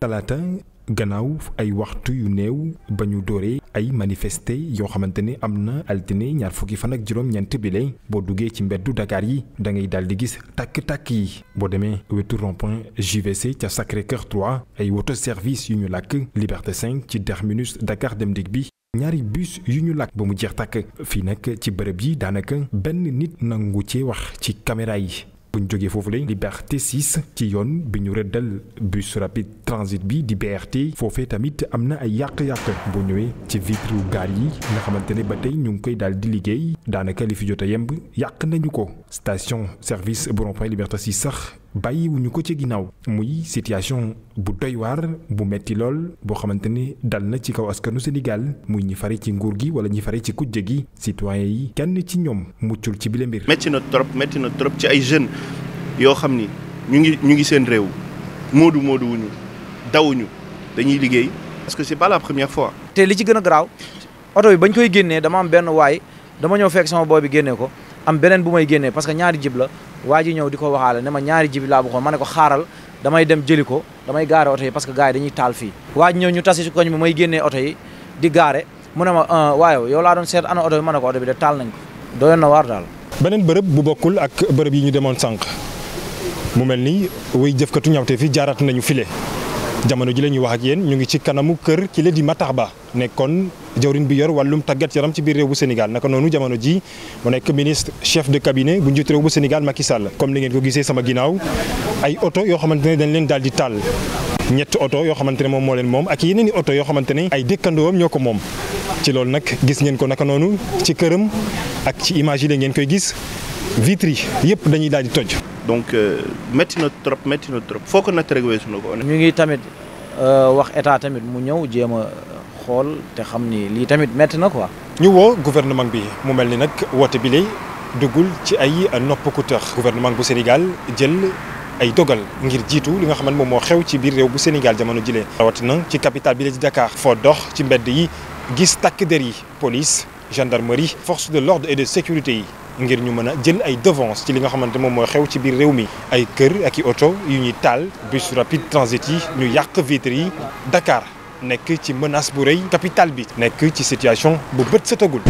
talaata gannaaw ay waxtu yu néew ba ñu dooree ay manifeste yoo xamante ne am na altine ñaar fukki fan ak juróom bi lay boo duggee ci mbeddu Dakar yi da ngay daal di gis takk takk yi boo demee wetu rond-point JVC ca Sacré-Cœur ay woto service yu ñu làkk Liberté 5 ci terminus Dakar Dem Dikk bi ñaari bus yu ñu lakk ba mu jeex takk fii nag ci bërëb yi daanaka benn nit nangu ci wax ci caméra yi bu ñu jógee foofu la liberté 6 ci yoon bi ñu rëddal bus rapide transit bi di BRT foofee tamit am na ay yàq-yàq boo ñëwee ci vitre gaal yi nga xamante ne ba tey ñu ngi koy daal di liggéey daanaka li fi jot a yemb yàq nañu ko station service bu rond-point liberté 6 sax bàyyiwuñu ko ci ginnaaw muy situation bu doy waar bu metti lool boo xamante ni dal na ci kaw askanu Sénégal muy ñi fare ci nguur gi wala ñi fare ci kujje gi citoyen yi kenn ci ñoom muccul ci bile mbir. métti na trop métti na trop ci ay jeunes yoo xam ni ñu ngi ñu ngi seen réew moodu moodu wuñu dawuñu dañuy liggéey parce que c'est pas première fois. te li ci gën a garaaw oto bi bañ koy génnee dama am benn waay dama ñëw fekk sama booy bi génnee ko. am beneen bu may génnee parce que ñaari jib la waa ji ñëw di ko waxaale ne ma ñaari jib laa bëggoon ma ne ko xaaral damay dem jëli ko damay gaare oto yi parce que gars dañuy taal fii waa ñëw ñu tasi si koñ bi may génnee oto yi di gaare mu ne ma euh, waaye yow laa doon seet ana oto bi ma ne oto bi de taal nañ ko doyoon na waar daal beneen bërëb bu bokkul ak bërëb yi ñu demoon sànq mu mel ni way jëfkatu ñawte fi jaaraat nañu file jamono ji la ñuy wax yéen ñu ngi ci kanamu kër ki la di Matar Ba nekkoon jawriñ bi yor wàllum tàggat yaram ci biir réew bu Sénégal naka noonu jamono ji mu nekk ministre chef de cabinet bu njiit réew bu Sénégal Macky Sall comme ni ngeen ko gisee sama ginnaaw oto yoo xamante ne dañ leen daal di taal ñetti oto yoo xamante ne moom moo leen moom ak yeneen i oto yoo xamante ne ay dëkkandoom ñoo ko moom ci loolu nag gis ngeen ko naka noonu ci këram ak ci image yi la ngeen koy gis vitres yi yëpp dañuy daal di toj donc euh, métti na trop métti na trop foo ko natt rek weesu na ko. ñu ngi tamit euh, wax état tamit mu ñëw jéem a xool te xam ni lii tamit métti na quoi. ñu woo gouvernement bi mu mel ni nag woote bi lay duggul ci ay nopp ku tëx gouvernement bu Sénégal jël. ay dogal ngir jiitu li nga xamante moom moo xew ci biir réew bu Sénégal jamono jile rawatina ci capitale bi la di Dakar foo dox ci mbedd yi gis takk der yi police gendarmerie force de l'ordre et de sécurité yi ngir ñu mën a jël ay devance ci li nga xamante moom moo xew ci biir réew mi ay kër ak i oto yu ñuy taal bus rapide transit yi ñu yàq vitres yi Dakar nekk ci menace bu rëy capital bi nekk ci situation bu bët setagul